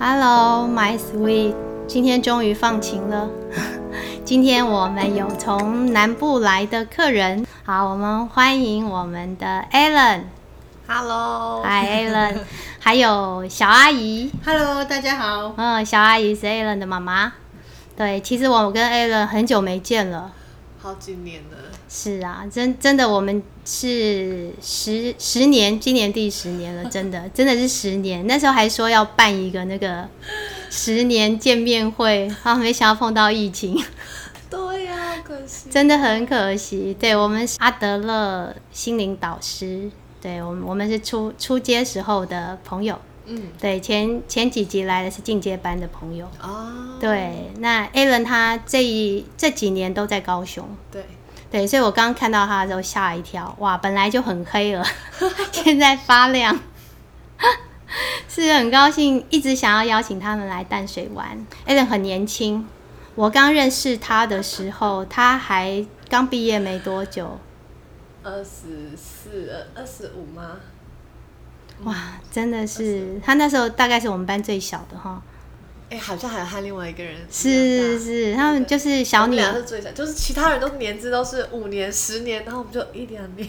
Hello, my sweet。今天終於放晴了。今天我們有從南部來的客人，好，我們歡迎我們的 Ellen。Hello，Hi Ellen，還有小阿姨。Hello，大家好。嗯，小阿姨是 Ellen 的媽媽。對，其實我跟 Ellen 很久沒見了，好幾年了。是啊，真真的，我們是十十年，今年第十年了，真的真的是十年。那時候還說要辦一個那個十年見面會，啊，沒想到碰到疫情。對呀，啊，可惜。真的很可惜，對，我們是阿德勒心靈導師，對，我們我們是初初階時候的朋友。嗯。對，前前幾集來的是進階班的朋友。哦。對，那 Ellen 他這一這一這一幾年都在高雄。對。對，所以我剛看到他的時候，嚇一跳，哇，本來就很黑了，現在發亮， 是很高興，一直想要邀請他們來淡水玩。Ellen 很年輕，我剛認識他的時候，他還剛畢業沒多久，二十四、二十五嗎？哇，真的是，他那時候大概是我們班最小的哈。哎、欸，好像還有他另外一個人是，是是是，他們就是小女生，就是其他人都年資都是五年十年，然後我們就一兩年，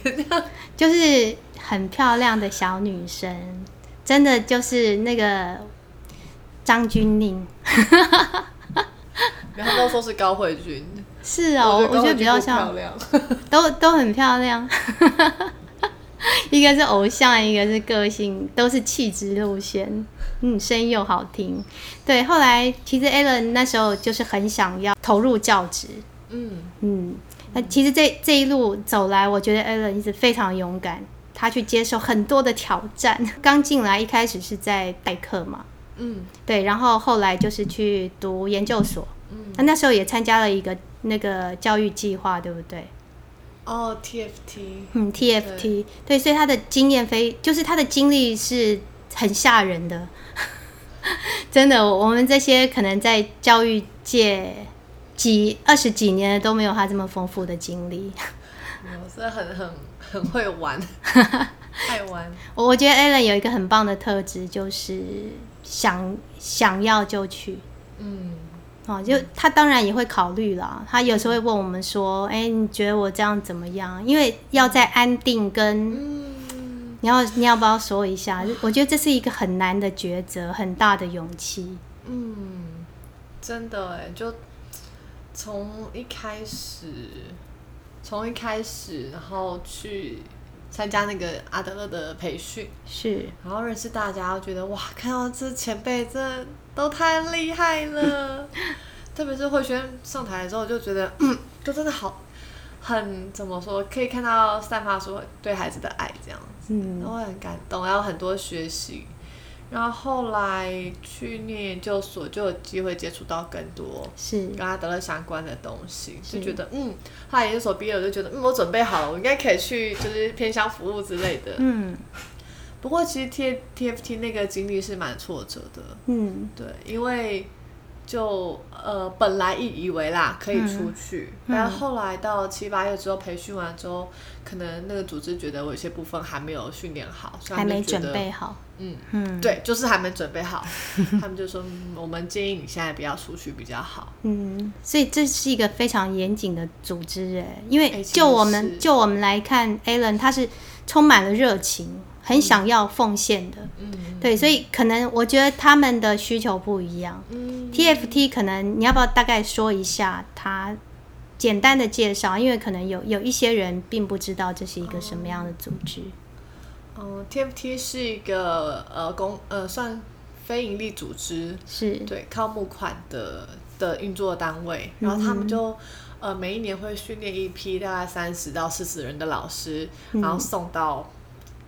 就是很漂亮的小女生，真的就是那個張鈞寧，然後都說是高慧君， 是哦，我覺得，我覺得比較像，漂亮 都都很漂亮。 一個是偶像，一個是個性，都是氣質路線。嗯，聲音又好聽。對，後來其實 Ellen 那時候就是很想要投入教職。嗯嗯，那其實這這一路走來，我覺得 Ellen 一直非常勇敢，他去接受很多的挑戰。剛進來一開始是在代課嘛。嗯，對，然後後來就是去讀研究所。嗯，那那時候也參加了一個那個教育計劃，對不對？哦、oh，TFT 嗯。嗯，TFT，對，對，所以他的經驗非，就是他的經歷是很嚇人的， 真的，我們這些可能在教育界，幾二十幾年都沒有他這麼豐富的經歷。我 是很很很會玩， 愛玩。我我覺得 Ellen 有一個很棒的特質，就是想想要就去。嗯。哦，就他當然也會考慮啦。他有時候會問我們說：“哎、嗯欸，你覺得我這樣怎麼樣？”因為要在安定跟、嗯……你要，你要不要說一下？嗯、我覺得這是一個很難的抉擇，很大的勇氣。嗯，真的哎，就從一開始，從一開始，然後去。參加那個阿德勒的培訓，是，然後認識大家，覺得哇，看到這前輩這都太厲害了， 特別是慧軒上台的時候，就覺得，嗯，就真的好，很怎麼說，可以看到散發出對孩子的愛這樣子，嗯、然後很感動，還有很多學習。然後後來去念研究所就有機會接觸到更多，跟他得了相關的東西，就覺得嗯，後來研究所畢業我就覺得嗯，我準備好了，我應該可以去就是偏向服務之類的。嗯，不過其實 T T F T 那個經歷是蠻挫折的。嗯，對，因為。就呃，本來一以，以為啦，可以出去，但，嗯嗯、後來到七八月之後，培訓完之後，可能那個組織覺得我有些部分還沒有訓練好，還沒準備好。嗯嗯，對，就是還沒準備好，嗯、他們就說 我們建議你現在不要出去比較好。嗯，所以這是一個非常嚴謹的組織誒，因為就我們、哎、就我們來看，Ellen 他是充滿了熱情。很想要奉獻的，嗯，對，所以可能我覺得他們的需求不一樣。嗯、TFT 可能你要不要大概說一下他簡單的介紹，因為可能有有一些人並不知道這是一個什麼樣的組織。TFT 是一個呃公呃算非營利組織，是對靠募款的的運作單位，然後他們就、嗯、呃每一年會訓練一批大概三十到四十人的老師，然後送到。嗯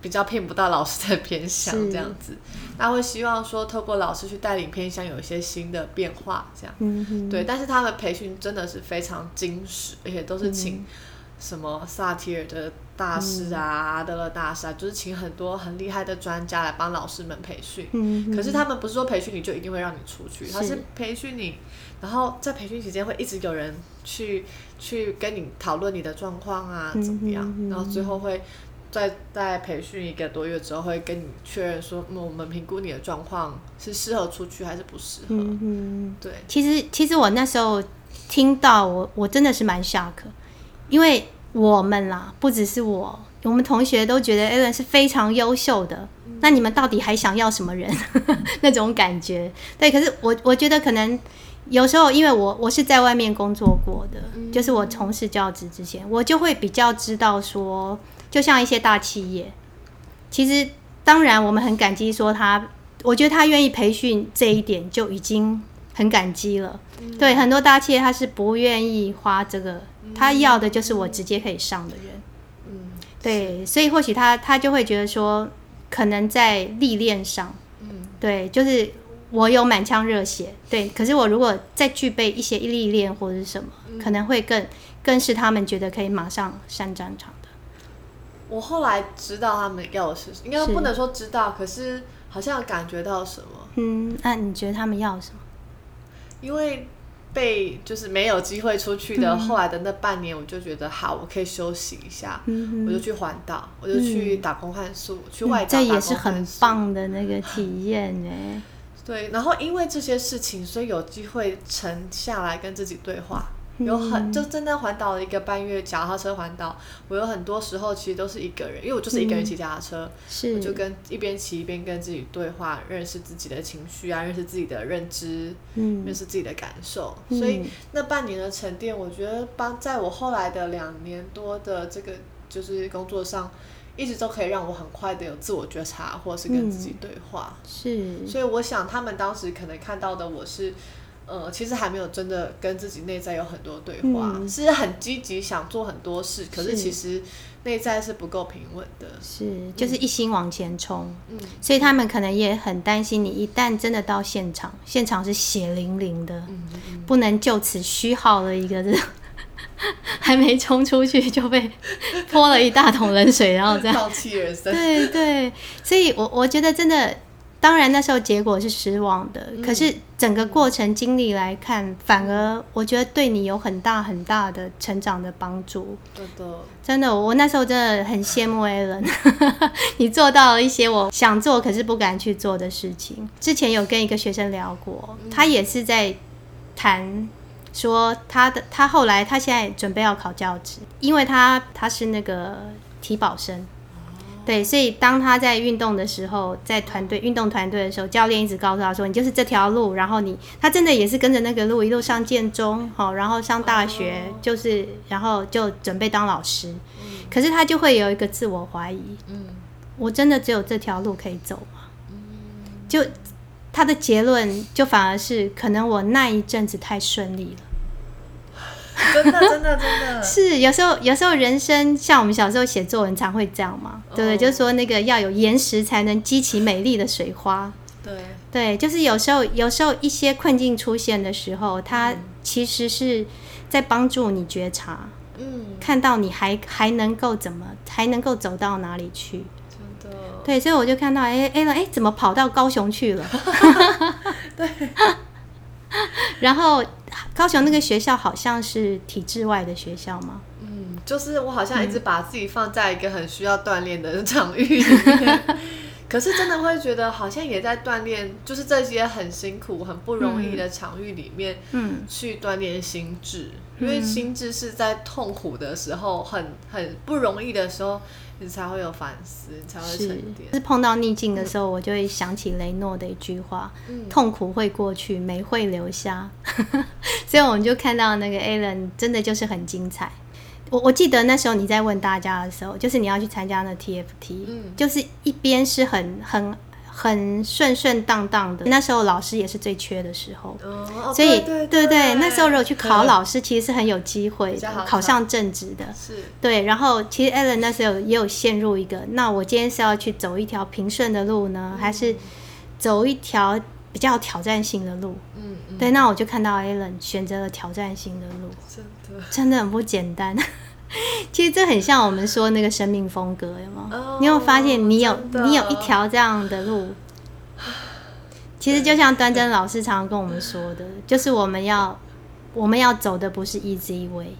比較騙不到老師的偏鄉，這樣子，那會希望說透過老師去帶領偏鄉有一些新的變化這樣，嗯、對。但是他們的培訓真的是非常精實，而且都是請什麼薩提爾的大師啊、嗯、阿德勒大師啊，就是請很多很厲害的專家來幫老師們培訓、嗯。可是他們不是說培訓你就一定會讓你出去，是他是培訓你，然後在培訓期間會一直有人去去跟你討論你的狀況啊、嗯、哼哼怎麼樣，然後最後會。在在培訓一個多月之後，會跟你確認說，嗯，我們評估你的狀況是適合出去還是不適合，嗯。對，其實其實我那時候聽到我我真的是蠻 shock，因為我們啦，不只是我，我們同學都覺得 Ellen 是非常優秀的，嗯。那你們到底還想要什麼人？ 那種感覺。對，可是我我覺得可能有時候，因為我我是在外面工作過的，嗯，就是我從事教職之前，我就會比較知道說。就像一些大企業，其實當然我們很感激，說他，我覺得他願意培訓這一點就已經很感激了。Mm -hmm. 對，很多大企業他是不願意花這個，mm -hmm. 他要的就是我直接可以上的人。嗯、mm -hmm.，對，所以或許他他就會覺得說，可能在歷練上，嗯、mm -hmm.，對，就是我有滿腔熱血，對，可是我如果再具備一些歷練或者是什麼，mm -hmm. 可能會更更是他們覺得可以馬上上戰場。我後來知道他們要的是，應該不能說知道，可是好像感覺到什麼。嗯，那、啊、你覺得他們要什麼？因為被就是沒有機會出去的、嗯，後來的那半年，我就覺得好，我可以休息一下，嗯、我就去環島，我就去打工換宿，去外、嗯、這也是很棒的那個體驗哎。嗯、 對，然後因為這些事情，所以有機會沉下來跟自己對話。有很就真正環島了一個半月，腳踏車環島。我有很多時候其實都是一個人，因為我就是一個人騎腳踏車、嗯是，我就跟一邊騎一邊跟自己對話，認識自己的情緒啊，認識自己的認知，嗯，認識自己的感受。所以那半年的沉澱，我覺得幫在我後來的兩年多的這個就是工作上，一直都可以讓我很快的有自我覺察，或是跟自己對話、嗯。是。所以我想他們當時可能看到的我是。呃、嗯，其實還沒有真的跟自己內在有很多對話，嗯、是很積極想做很多事，可是其實內在是不夠平穩的，是就是一心往前衝、嗯，所以他們可能也很擔心你一旦真的到現場，現場是血淋淋的，嗯嗯、不能就此虛耗了一個人，還沒衝出去就被潑了一大桶冷水，然後這樣放棄人生，對對，所以我我覺得真的。當然，那時候結果是失望的，嗯、可是整個過程經歷來看，嗯，反而我覺得對你有很大很大的成長的幫助，嗯。真的，我那時候真的很羨慕艾倫， 你做到了一些我想做可是不敢去做的事情。之前有跟一個學生聊過，他也是在談說他的，他後來他現在準備要考教職，因為他他是那個體保生。對，所以當他在運動的時候，在團隊運動團隊的時候，教練一直告訴他說：說你就是這條路。然後你他真的也是跟着那個路，一路上建中，好，然後上大學，就是然後就準備當老師。可是他就會有一個自我懷疑。嗯，我真的只有這條路可以走嗎？嗯，就他的結論就反而是可能我那一陣子太順利了。 真的，真的，真的 是有時候，有時候人生像我們小時候寫作文常會這樣嘛，對、oh. 不對？就是說那個要有岩石才能激起美麗的水花，對，對，就是有時候，有時候一些困境出現的時候，它其實是在幫助你覺察，嗯，看到你還還能夠怎麼，還能夠走到哪裡去，真的，對，所以我就看到，哎、欸、哎、欸欸，怎麼跑到高雄去了？ 對， 然後。高雄那個學校好像是體制外的學校嗎？嗯，就是我好像一直把自己放在一個很需要鍛鍊的場域， 可是真的會覺得好像也在鍛鍊，就是這些很辛苦、很不容易的場域裡面，嗯，去鍛鍊心智，嗯，因為心智是在痛苦的時候，很、很不容易的時候。才會有反思，才會沉澱。是,是碰到逆境的時候，嗯、我就會想起雷諾的一句話、嗯：“痛苦會過去，美會留下。 ”所以我們就看到那個 Ellen 真的就是很精彩。我我記得那時候你在問大家的時候，就是你要去參加那 TFT，、嗯、就是一邊是很很。很順順當當的，那時候老師也是最缺的時候，哦、所以、哦、對對，對，對，對，對，那時候如果去考老師，其實是很有機會考上正職的。是，對。然後其實 Alan 那時候也有陷入一個，那我今天是要去走一條平順的路呢、嗯，還是走一條比較挑戰性的路嗯？嗯，對。那我就看到 Alan 選擇了挑戰性的路，真的真的很不簡單。 其實這很像我們說的那個生命風格，有嗎？Oh, 你有，有發現你有你有一條這樣的路？ 其實就像端珍老師常常跟我們說的， 就是我們要我們要走的不是 easy way，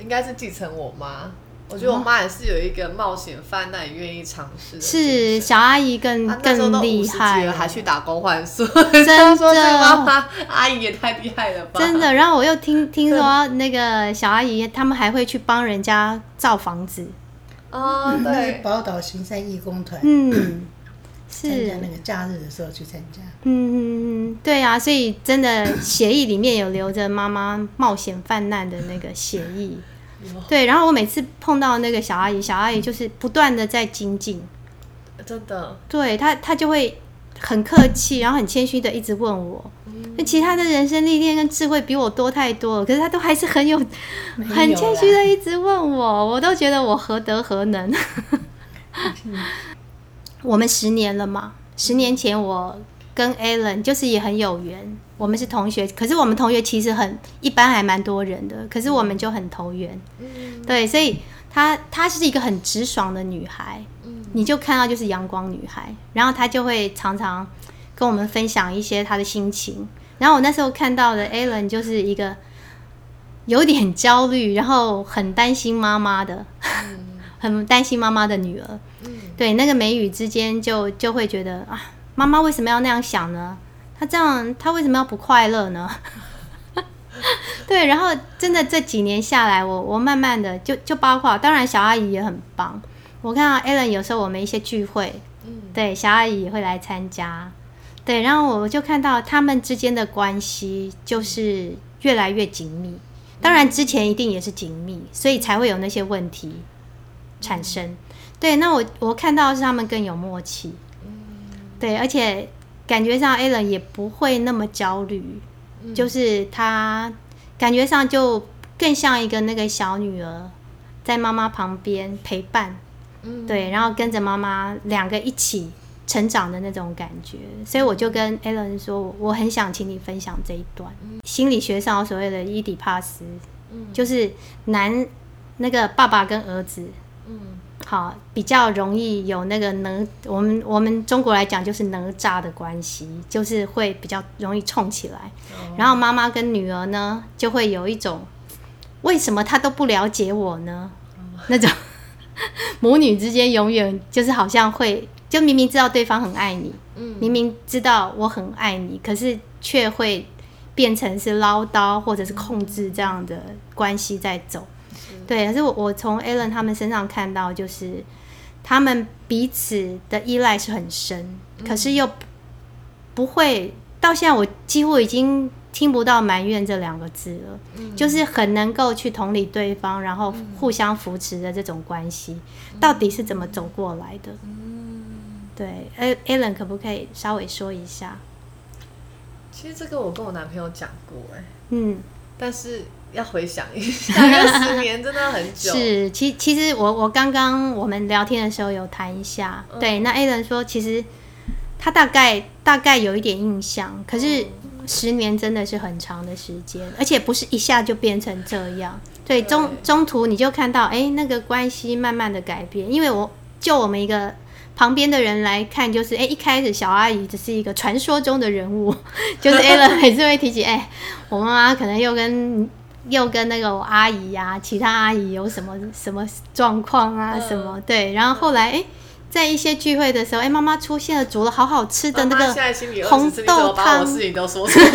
應該是繼承我媽。我覺得我媽也是有一個冒險犯難，願意嘗試。是小阿姨更更厲害，還去打工換宿。真的 媽媽阿姨也太厲害了吧！真的。然後我又聽聽說那個小阿姨，他們還會去幫人家造房子。 哦，對，寶島行善義工團。嗯，是那個假日的時候去參加。嗯，對啊，所以真的血液裡面有留着媽媽冒險犯難的那個血液。對，然後我每次碰到那個小阿姨，小阿姨就是不斷的在精進，真的，對她，她就會很客氣，然後很謙虛的一直問我，那、嗯、其他的人生歷練跟智慧比我多太多了，可是她都還是很有，有很謙虛的一直問我，我都覺得我何德何能。 我們十年了嘛，十年前我跟 Ellen 就是也很有緣。我們是同學，可是我們同學其實很一般，還蠻多人的。可是我們就很投緣，嗯，對，所以她她是一個很直爽的女孩，嗯，你就看到就是陽光女孩。然後她就會常常跟我們分享一些她的心情。然後我那時候看到的 Ellen 就是一個有點焦慮，然後很擔心媽媽的，嗯、 很擔心媽媽的女兒。嗯，對，那個眉宇之間就就會覺得啊，媽媽為什麼要那樣想呢？那、啊、這樣，他為什麼要不快樂呢？ 對，然後真的這幾年下來，我我慢慢的就就，包括，當然小阿姨也很棒。我看到 Ellen 有時候我們一些聚會，對，小阿姨也會來參加，對，然後我就看到他們之間的關係就是越來越緊密。當然之前一定也是緊密，所以才會有那些問題產生。對，那我我看到是他們更有默契，對，而且。感覺上，Ellen 也不會那麼焦慮，就是他感覺上就更像一個那個小女兒在媽媽旁邊陪伴，對，然後跟着媽媽兩個一起成長的那種感覺。所以我就跟 Ellen 說，我很想請你分享這一段心理學上所謂的伊迪帕斯，就是男那個爸爸跟兒子。好，比較容易有那個哪，我們我們中國來講就是哪吒的關係，就是會比較容易衝起來。Oh. 然後媽媽跟女兒呢，就會有一種為什麼她都不了解我呢？Oh. 那種母女之間永遠就是好像會，就明明知道對方很愛你，嗯，明明知道我很愛你，可是卻會變成是嘮叨或者是控制這樣的關係在走。對，可是我我從 a l n 他們身上看到，就是他們彼此的依賴是很深、嗯，可是又不會到現在，我幾乎已經聽不到埋怨這兩個字了、嗯，就是很能夠去同理對方，然後互相扶持的這種關係、嗯，到底是怎麼走過來的？嗯嗯、對，艾 a l n 可不可以稍微說一下？其實這個我跟我男朋友講過、欸，哎，嗯，但是。要回想一下，十年真的很久。 是，其其實我我剛剛我們聊天的時候有談一下、嗯，對，那 Ellen 說，其實他大概大概有一點印象，可是十年真的是很長的時間，而且不是一下就變成這樣。對，對中中途你就看到，哎、欸，那個關係慢慢的改變，因為我就我們一個旁邊的人來看，就是，哎、欸，一開始小阿姨只是一個傳說中的人物，就是 Ellen 每次會提起，哎、 欸，我媽媽可能又跟。又跟那個我阿姨呀、啊，其他阿姨有什麼什麼狀況啊？什麼、啊嗯、什麼對？然後後來哎、欸，在一些聚會的時候，哎、欸，媽媽出現了，煮了好好吃的那個紅豆湯。媽媽現在心裡，你怎麼把我的事情都說出來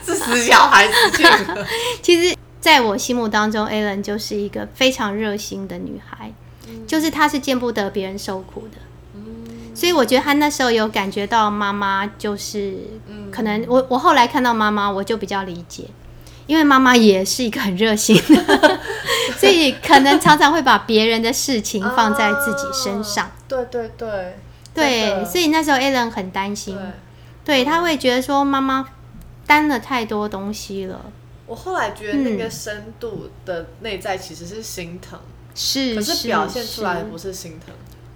是死小孩子去了 其實，在我心目當中， 中，Ellen 就是一個非常熱心的女孩、嗯，就是她是見不得別人受苦的、嗯。所以我覺得她那時候有感覺到媽媽就是、嗯，可能我我後來看到媽媽，我就比較理解。因為媽媽也是一個很熱心，的， 對笑所以可能常常會把別人的事情放在自己身上、uh,。對對對，對，這個、所以那時候 Ellen 很擔心，對，對、嗯、他會覺得說媽媽擔了太多東西了。我後來覺得那個深度的內在其實是心疼，嗯、是，是，是，可是表現出來的不是心疼，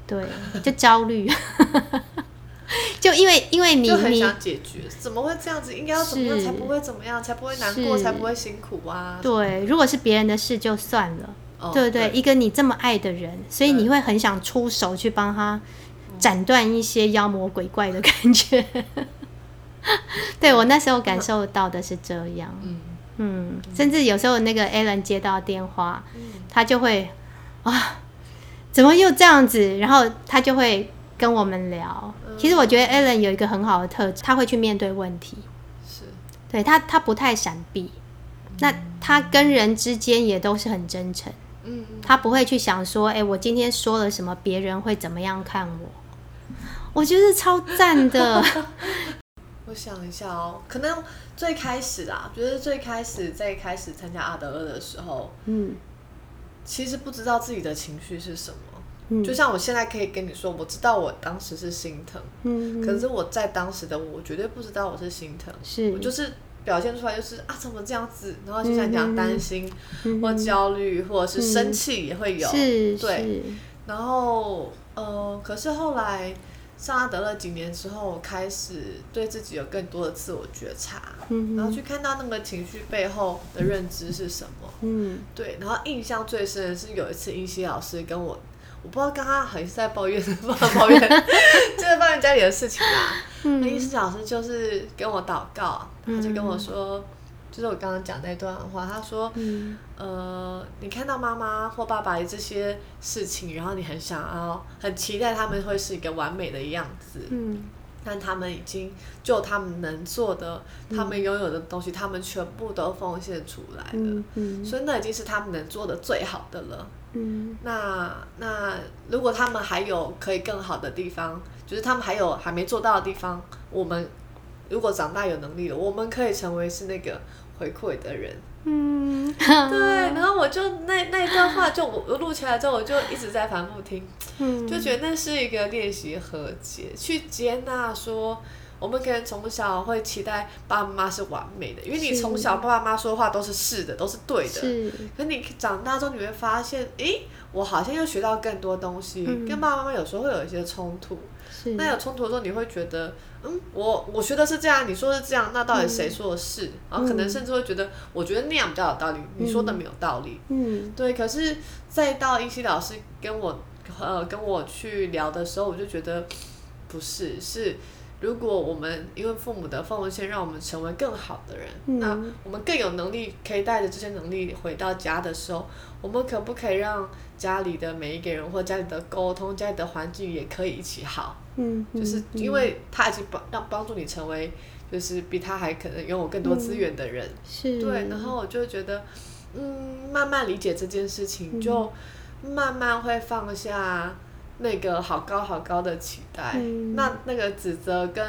對， 就焦慮慮。 就因為因為你你很想解決，怎麼會這樣子？應該要怎麼樣才不會怎麼樣，才不會難過，才不會辛苦啊？對，嗯、如果是別人的事就算了，哦、對對,對,對，一個你這麼愛的人，所以你會很想出手去幫他斬斷一些妖魔鬼怪的感覺。嗯、 對我那時候感受到的是這樣，嗯嗯,嗯，甚至有時候那個 Ellen 接到電話，嗯、他就會啊，怎麼又這樣子？然後他就會跟我們聊。其實我覺得 Ellen 有一個很好的特質，他會去面對問題，是，對，他他不太閃避，嗯、那他跟人之間也都是很真誠，嗯,嗯，他不會去想說，哎、欸，我今天說了什麼，別人會怎麼樣看我？我覺得超讚的。 我想一下哦，可能最開始啦，覺、就、得、是、最開始在開始參加阿德勒的時候，嗯，其實不知道自己的情緒是什麼。就像我現在可以跟你說，我知道我當時是心疼，嗯，可是我在當時的我，我絕對不知道我是心疼，是，我就是表現出來就是啊怎麼這樣子，然後就像你講擔心、嗯、或焦慮、嗯、或者是生氣也會有，嗯、對，然後呃，可是後來上阿德了幾年之後，我開始對自己有更多的自我覺察，嗯，然後去看到那個情緒背後的認知是什麼，嗯，對，然後印象最深的是有一次英熙老師跟我。我不知道剛剛好意思在抱怨，抱怨， 就是抱怨家裡的事情啦、啊嗯。那意思蘭老師就是跟我禱告，他就跟我說，嗯、就是我剛剛講那段話。他說，嗯、呃，你看到媽媽或爸爸這些事情，然後你很想要，很期待他們會是一個完美的樣子。嗯，但他們已經就他們能做的，嗯、他們擁有的東西，他們全部都奉獻出來了、嗯。嗯，所以那已經是他們能做的最好的了。嗯， 那那如果他們還有可以更好的地方，就是他們還有還沒做到的地方，我們如果長大有能力了，我們可以成為是那個回饋的人。嗯， 對。然後我就那那一段話就我錄起來之後，我就一直在反復聽， 就覺得那是一個練習和解，去接納說。我們可能從小會期待爸媽是完美的，因為你從小爸爸媽說的話都是是的是，都是對的。是。可是你長大之後你會發現，誒、欸，我好像又學到更多東西。嗯嗯，跟爸爸媽媽有時候會有一些衝突。那有衝突的時候，你會覺得，嗯，我我學的是這樣，你說是這樣，那到底誰說的是，嗯。然後可能甚至會覺得，我覺得那樣比較有道理，嗯，你說的沒有道理。嗯。對，可是再到一些老師跟我，呃，跟我去聊的時候，我就覺得不是，是。如果我們因為父母的奉獻，讓我們成為更好的人，嗯，那我們更有能力可以帶着這些能力回到家的時候，我們可不可以讓家裡的每一個人或家裡的溝通、家裡的環境也可以一起好？嗯，嗯，就是因為他已經幫要幫助你成為，就是比他還可能擁有更多資源的人，嗯。是，對。然後我就覺得，嗯，慢慢理解這件事情，就慢慢會放下。那個好高好高的期待，嗯、那那個指責跟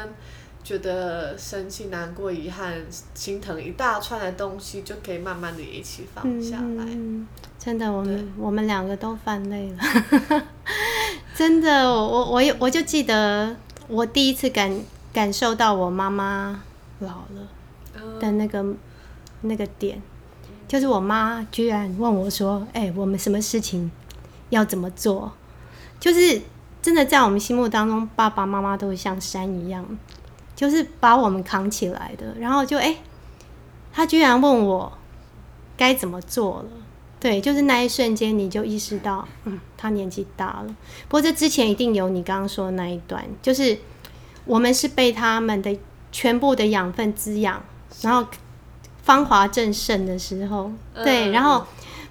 覺得生氣、難過、遺憾、心疼一大串的東西，就可以慢慢的一起放下來。嗯、真的，我們我們兩個都犯累了。 真的，我我我就記得我第一次感感受到我媽媽老了的那個、嗯、那個點，就是我媽居然問我說：“哎、欸，我們什麼事情要怎麼做？”就是真的在我們心目當中，爸爸媽媽都是像山一樣，就是把我們扛起來的。然後就哎、欸，他居然問我該怎麼做了？對，就是那一瞬間你就意識到，嗯，他年紀大了。不過這之前一定有你剛剛說的那一段，就是我們是被他們的全部的養分滋養，然後芳華正盛的時候，對，然後。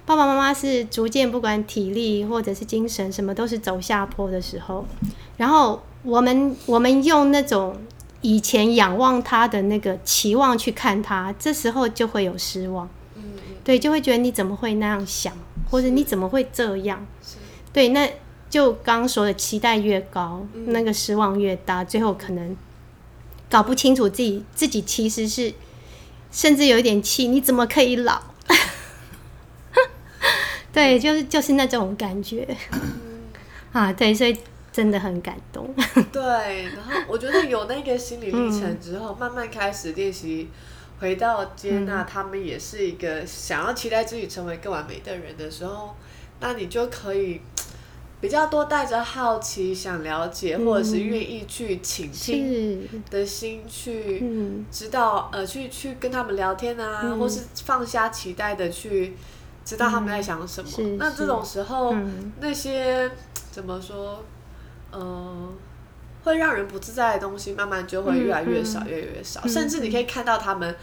爸爸媽媽是逐漸不管體力或者是精神什麼都是走下坡的時候，然後我們我們用那種以前仰望他的那個期望去看他，這時候就會有失望。嗯、對，就會覺得你怎麼會那樣想，或者你怎麼會這樣？是，對，那就剛剛說的期待越高、嗯，那個失望越大，最後可能搞不清楚自己自己其實是，甚至有一點氣，你怎麼可以老？對，就是就是那種感覺、嗯、啊，對，所以真的很感動。 對，然後我覺得有那個心理歷程之後、嗯，慢慢開始練習回到接納、嗯、他們，也是一個想要期待自己成為更完美的人的時候，那你就可以比較多帶着好奇、想了解，嗯、或者是願意去傾聽的心去指導、嗯、呃，去去跟他們聊天啊、嗯，或是放下期待的去。知道他們在想什麼，嗯、那這種時候，嗯、那些怎麼說，呃，會讓人不自在的東西，慢慢就會越來越少，越來越少、嗯，甚至你可以看到他們，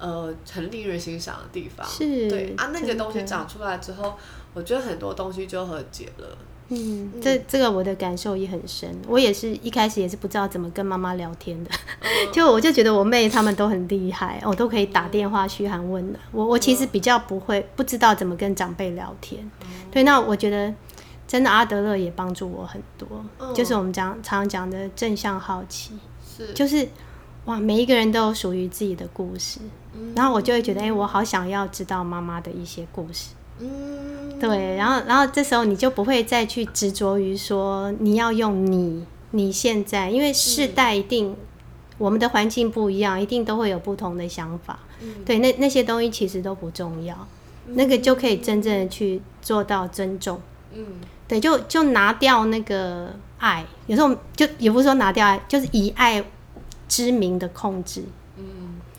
呃，很令人欣賞的地方，對啊，那個東西長出來之後，我覺得很多東西就和解了。嗯，嗯，這這個我的感受也很深，我也是一開始也是不知道怎麼跟媽媽聊天的，嗯、 就我就覺得我妹他們都很厲害，我、嗯哦、都可以打電話噓寒問暖、嗯。我我其實比較不會，不知道怎麼跟長輩聊天、嗯。對，那我覺得真的阿德勒也幫助我很多，嗯、就是我們講常常講的正向好奇，是就是哇，每一個人都有屬於自己的故事、嗯，然後我就會覺得，哎、欸，我好想要知道媽媽的一些故事。嗯，對，然後，然後這時候你就不會再去執着於說你要用你你現在，因為世代一定，嗯、我們的環境不一樣，一定都會有不同的想法。嗯，對，那那些東西其實都不重要、嗯，那個就可以真正的去做到尊重。嗯，對，就就拿掉那個愛，有時候就也不是說拿掉愛，就是以愛之名的控制嗯。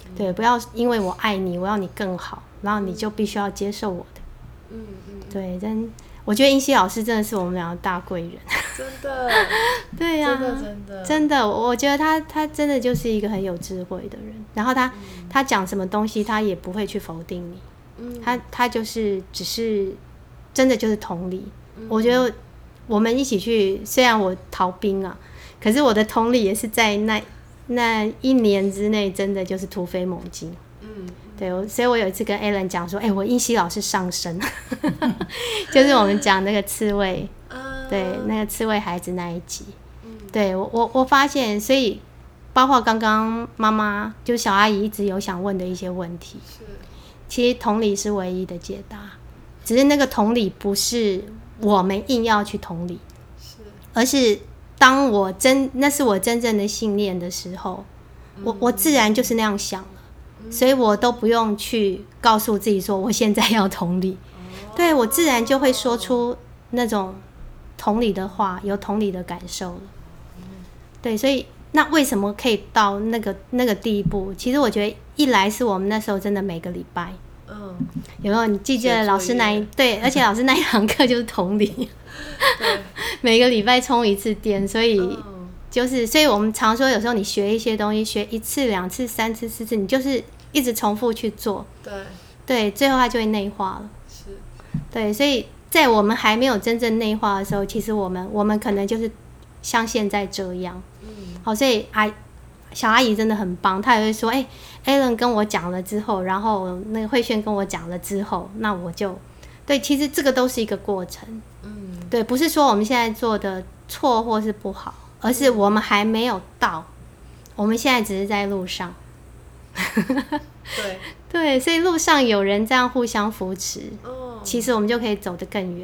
嗯，對，不要因為我愛你，我要你更好，然後你就必須要接受我的。嗯嗯，對，但我覺得英熙老師真的是我們兩個大貴人，真的， 對呀，啊，真的真的，真的，我覺得他他真的就是一個很有智慧的人，然後他、嗯、他講什麼東西，他也不會去否定你，嗯，他他就是只是真的就是同理，嗯，我覺得我們一起去，雖然我逃兵啊，可是我的同理也是在那那一年之內，真的就是突飛猛進，嗯。對，所以我有一次跟艾倫講說：“哎、欸，我殷希老師上身， 就是我們講那個刺蝟， 對，那個刺蝟孩子那一集，嗯、對我我我發現，所以包括剛剛媽媽就是小阿姨一直有想問的一些問題，是，其實同理是唯一的解答，只是那個同理不是我們硬要去同理，是，而是當我真那是我真正的信念的時候，嗯、我我自然就是那樣想。”所以我都不用去告訴自己說，我現在要同理，oh. 對，我自然就會說出那種同理的話，有同理的感受，oh. 對，所以那為什麼可以到那個那個地步？其實我覺得一來是我們那時候真的每個禮拜，嗯、oh.，有沒有你記住了老師那一,一，對，而且老師那一堂課就是同理， 每個禮拜充一次電，所以就是，所以我們常說有時候你學一些東西，學一次、兩次、三次、四次，你就是。一直重複去做，對對，最後他就會內化了。是，對，所以在我們還沒有真正內化的時候，其實我們我們可能就是像現在這樣。嗯，好，所以阿小阿姨真的很棒，她也會說：“哎、欸、a l a nEllen 跟我講了之後，然後那個慧軒跟我講了之後，那我就對，其實這個都是一個過程。嗯、對，不是說我們現在做的錯或是不好，而是我們還沒有到，嗯、我們現在只是在路上。” 對對，所以路上有人這樣互相扶持，oh. 其實我們就可以走得更遠。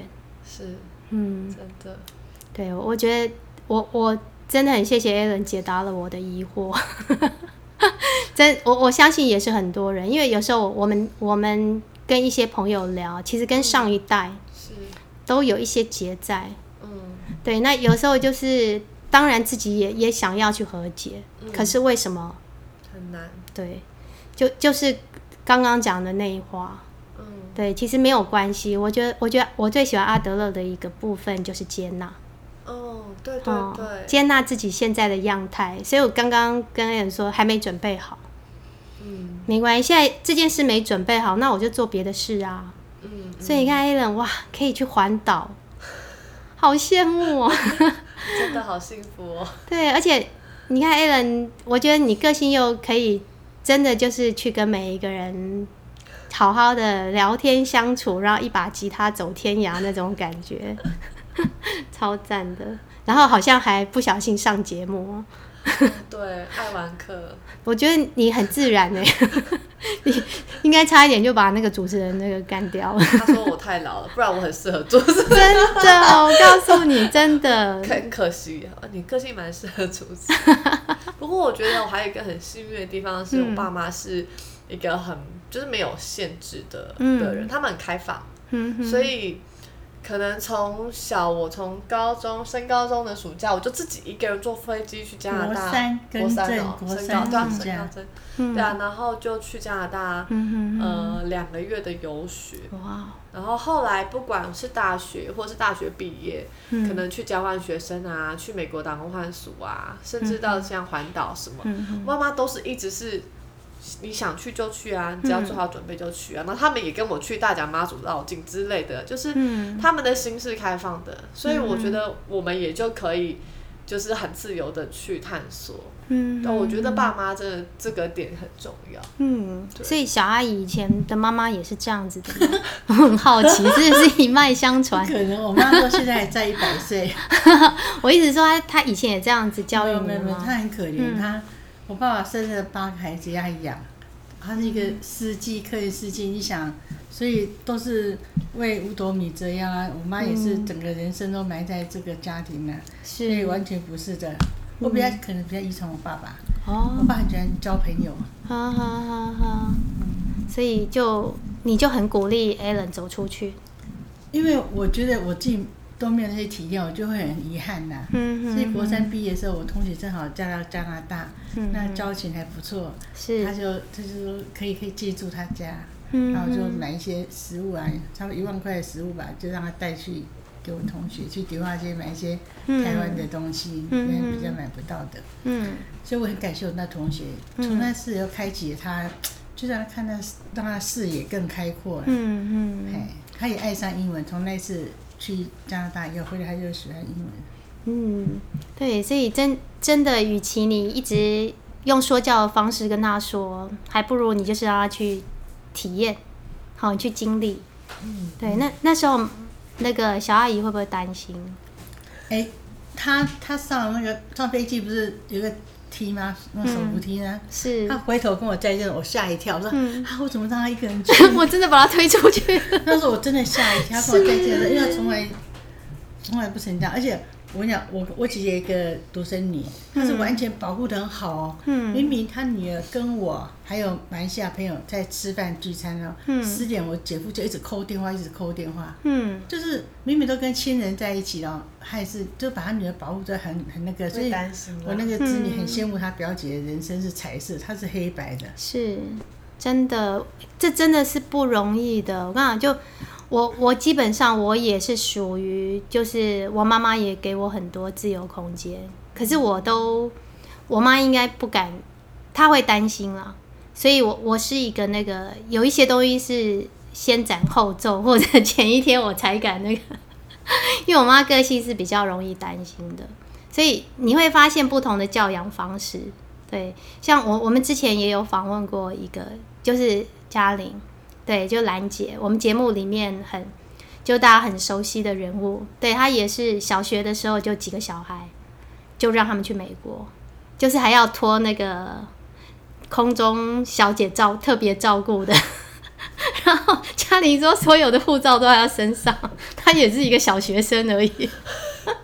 是，嗯，真的。對，我覺得我我真的很謝謝 Ellen 解答了我的疑惑。 真，我我相信也是很多人，因為有時候我們我們跟一些朋友聊，其實跟上一代是都有一些結在。嗯，對，那有時候就是當然自己也也想要去和解，嗯、可是為什麼？對，就就是剛剛講的那一話，嗯，對，其實沒有關係。我覺得，我覺得我最喜歡阿德勒的一個部分就是接納，哦，對對對，接納自己現在的樣態。所以我剛剛跟 Ellen 說還沒準備好，嗯，沒關係，現在這件事沒準備好，那我就做別的事啊，嗯，嗯，所以你看 Ellen 哇，可以去環島，好羨慕哦， 真的好幸福哦。對，而且你看 Ellen，我覺得你個性又可以。真的就是去跟每一個人好好的聊天相處，然後一把吉他走天涯那種感覺， 超讚的。然後好像還不小心上節目。 對，愛玩客。 我覺得你很自然呢、欸， 你應該差一點就把那個主持人那個幹掉了。 他說我太老了，不然我很適合主持人。 真的、哦，我告訴你，真的。 很可惜，你個性蠻適合主持人。 不過我覺得我還有一個很幸運的地方是，是、嗯、我爸媽是一個很就是沒有限制的的人，嗯、他們很開放、嗯，所以。可能從小我，我從高中升高中的暑假，我就自己一個人坐飛機去加拿大，國三哦，升高、嗯、對啊，升高中、嗯，對啊，然後就去加拿大，嗯哼嗯哼呃兩個月的遊學，然後後來不管是大學，或是大學畢業、嗯，可能去交換學生啊，去美國打工換宿啊，甚至到像環島什麼，媽、嗯、媽、嗯、都是一直是。你想去就去啊，你只要做好準備就去啊。那、嗯、他們也跟我去大甲媽祖繞境之類的，就是他們的心是開放的、嗯，所以我覺得我們也就可以就是很自由的去探索。嗯，但我覺得爸媽這、嗯、這個點很重要。嗯，所以小阿姨以前的媽媽也是這樣子的， 我很好奇，是不是一脈相傳？ 可能我媽到現在也在一百歲。 我一直說她，她以前也這樣子教育我們，沒有沒有沒有，她很可憐她。嗯我爸爸生了八個孩子要養，他那個司機，客運司機，你想，所以都是為五斗米折腰啊。我媽也是，整個人生都埋在這個家庭了，啊嗯，所以完全不是的。我比較、嗯、可能比較遺傳我爸爸、哦，我爸很喜歡交朋友、啊，好好好好，所以就你就很鼓勵 Ellen 走出去，因為我覺得我自己。都沒有那些體驗，我就會很遺憾吶、啊嗯嗯。所以佛山畢業的時候，我同學正好嫁到加拿大，嗯嗯、那交情還不錯、嗯嗯，他就他就說可以可以借住他家、嗯，然後就買一些食物啊，差不多一萬塊的食物吧，就讓他帶去給我同學去迪化街買一些台灣的東西、嗯，因為比較買不到的。嗯，嗯所以我很感謝我那同學，從、嗯、那時候開啟他，就讓他看到，讓他視野更開闊、啊、嗯嗯，他也愛上英文，從那次。去加拿大以後，或者他就喜歡英文。嗯，對，所以真真的，與其你一直用說教的方式跟他說，還不如你就是讓他去體驗，好、嗯，你去經歷。對，那那時候那個小阿姨會不會擔心？誒，他他上那個上飛機不是有個。踢嗎？那怎麼不踢呢、嗯？是，他回頭跟我再見，我嚇一跳，我說、嗯、啊，我怎麼讓他一個人去？ 我真的把他推出去。 那時候我真的嚇一跳，他跟我再見了，因為他從來從來不成長而且。我跟你講，我我姐姐一個獨生女，她是完全保護的很好哦、喔。嗯，明明她女兒跟我還有馬來西亞朋友在吃飯聚餐咯。嗯，十點我姐夫就一直扣電話，一直扣電話。嗯，就是明明都跟親人在一起了、喔，還是就把她女兒保護的很很那個。所以，我那個侄女很羨慕她表姐的人生是彩色、嗯，她是黑白的。是，真的，這真的是不容易的。我剛剛就。我我基本上我也是屬於，就是我媽媽也給我很多自由空間，可是我都我媽應該不敢，她會擔心啦。所以我我是一個那個有一些東西是先斬後奏或者前一天我才敢那個，因為我媽個性是比較容易擔心的，所以你會發現不同的教養方式。對，像我我們之前也有訪問過一個就是嘉玲。對，就蘭姐，我們節目裡面很，就大家很熟悉的人物。對，他也是小學的時候就幾個小孩，就讓他們去美國，就是還要託那個空中小姐照特別照顧的。 然後家裡說所有的護照都在她身上，他也是一個小學生而已。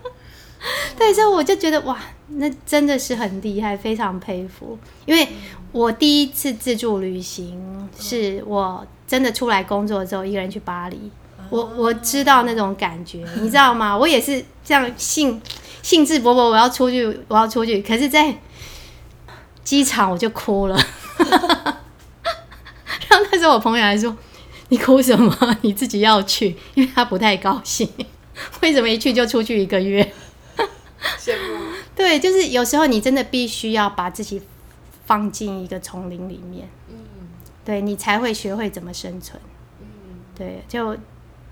對，所以我就覺得哇，那真的是很厲害，非常佩服，因為。我第一次自助旅行是我真的出來工作之後，一個人去巴黎。我我知道那種感覺，你知道嗎？我也是這樣興興致勃勃，我要出去，我要出去。可是，在機場我就哭了。 然後那時候我朋友還說：“你哭什麼？你自己要去。”因為他不太高興。為什麼一去就出去一個月？羨 慕。對，就是有時候你真的必須要把自己。放進一個叢林裡面，嗯，對，你才會學會怎麼生存，嗯，對，就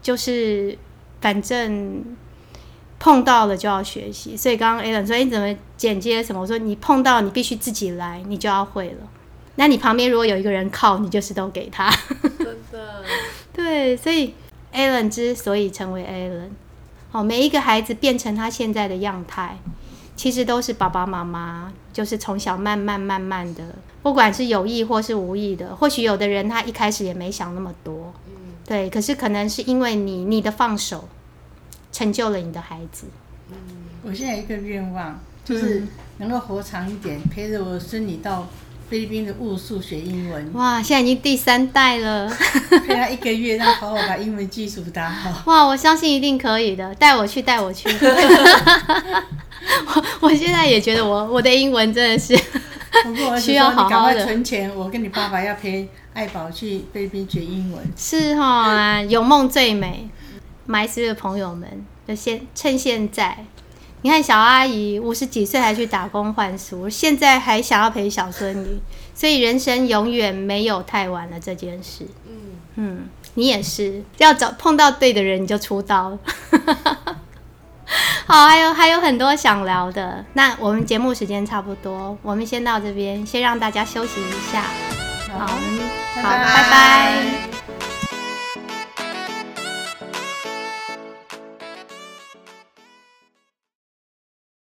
就是反正碰到了就要學習，所以剛剛 Ellen 說你怎麼剪接什麼，我說你碰到你必須自己來，你就要會了。那你旁邊如果有一個人靠，你就是都給他，真的，對，所以 Ellen 之所以成為 Ellen，好、哦，每一個孩子變成他現在的樣態。其實都是爸爸媽媽，就是從小慢慢慢慢的，不管是有意或是無意的，或許有的人他一開始也沒想那麼多，對，可是可能是因為你你的放手，成就了你的孩子。嗯，我現在一個願望就是能夠活長一點，陪着我孫女到菲律賓的宿霧學英文。哇，現在已經第三代了， 陪她一個月，讓他好好把英文基礎打好。哇，我相信一定可以的，帶我去，帶我去。 我我現在也覺得我，我我的英文真的是，不過需要好好的。趕快存錢，我跟你爸爸要陪愛寶去 baby 學英文。是哈、哦，有夢最美。My Sweets 的朋友們，就現，趁現在。你看小阿姨五十幾歲還去打工換書，現在還想要陪小孫女，所以人生永遠沒有太晚了這件事。嗯嗯，你也是，只要找碰到對的人你就出道了。 好，哦，還有還有很多想聊的，那我們節目時間差不多，我們先到這邊，先讓大家休息一下。好，我們，好，拜拜。